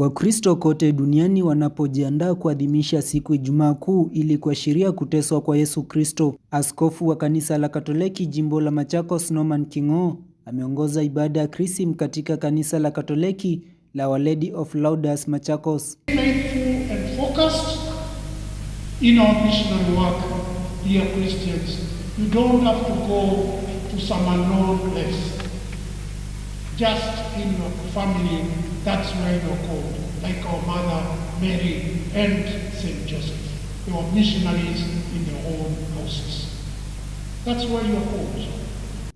Wakristo kote duniani wanapojiandaa kuadhimisha siku Ijumaa Kuu ili kuashiria kuteswa kwa Yesu Kristo. Askofu wa kanisa la Katoliki jimbo la Machakos, Norman King'o, ameongoza ibada ya krisim katika kanisa la Katoliki la Lady of Lourdes Machakos just in your family, that's where you're called, like our mother Mary and Saint Joseph. You are missionaries in your own houses. That's where you're called.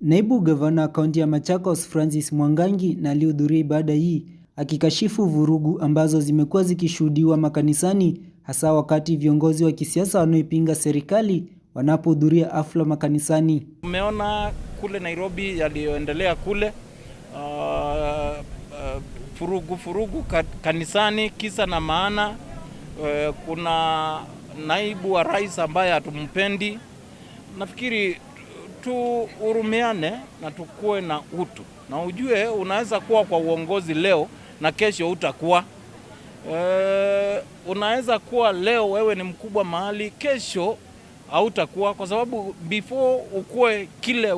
Naibu gavana kaunti ya Machakos Francis Mwangangi na alihudhuria ibada hii akikashifu vurugu ambazo zimekuwa zikishuhudiwa makanisani hasa wakati viongozi wa kisiasa wanaoipinga serikali wanapohudhuria afla makanisani. Umeona kule Nairobi yaliyoendelea kule Uh, uh, furugu furugu kanisani, kisa na maana uh, kuna naibu wa rais ambaye hatumpendi. Nafikiri tuhurumiane na tukuwe na utu, na ujue unaweza kuwa kwa uongozi leo na kesho utakuwa e, unaweza kuwa leo wewe ni mkubwa mahali, kesho hautakuwa, kwa sababu before ukuwe kile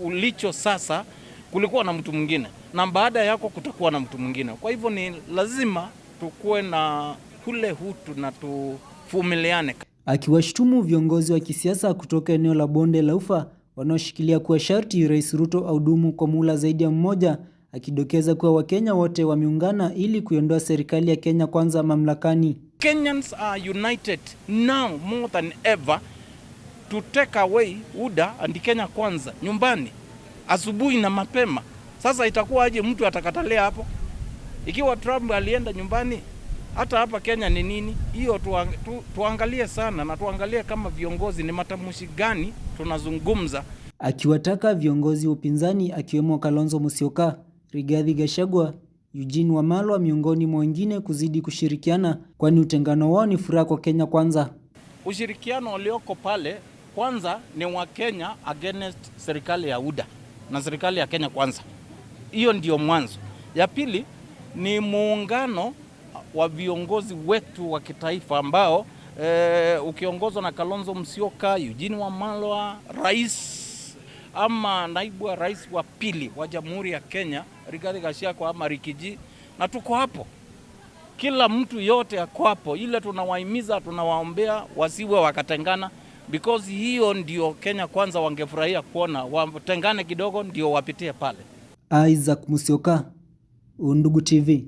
ulicho sasa kulikuwa na mtu mwingine na baada yako kutakuwa na mtu mwingine. Kwa hivyo ni lazima tukuwe na kule hutu na tuvumiliane. Akiwashtumu viongozi wa kisiasa kutoka eneo la bonde la Ufa wanaoshikilia kuwa sharti Rais Ruto audumu kwa muhula zaidi ya mmoja, akidokeza kuwa Wakenya wote wameungana ili kuiondoa serikali ya Kenya Kwanza mamlakani. Kenyans are united now more than ever to take away UDA and Kenya Kwanza nyumbani asubuhi na mapema. Sasa itakuwa aje mtu atakatalea hapo? Ikiwa Trump alienda nyumbani, hata hapa Kenya ni nini hiyo? Tuangalie sana na tuangalie kama viongozi ni matamshi gani tunazungumza, akiwataka viongozi wa upinzani akiwemo Kalonzo Musyoka, Rigathi Gachagua, Eugene Wamalwa miongoni mwa wengine kuzidi kushirikiana, kwani utengano wao ni furaha kwa Kenya Kwanza. Ushirikiano ulioko pale kwanza ni wa Kenya against serikali ya UDA na serikali ya Kenya kwanza. Hiyo ndiyo mwanzo. Ya pili ni muungano wa viongozi wetu wa kitaifa ambao e, ukiongozwa na Kalonzo Musyoka, Eugene Wamalwa, rais ama naibu wa rais wa pili wa Jamhuri ya Kenya Rigathi Gachagua ama Rikiji, na tuko hapo, kila mtu yote ako hapo, ile tunawahimiza tunawaombea wasiwe wakatengana because hiyo ndio Kenya kwanza wangefurahia kuona, watengane kidogo ndio wapitie pale. Isaac musioka Undugu TV.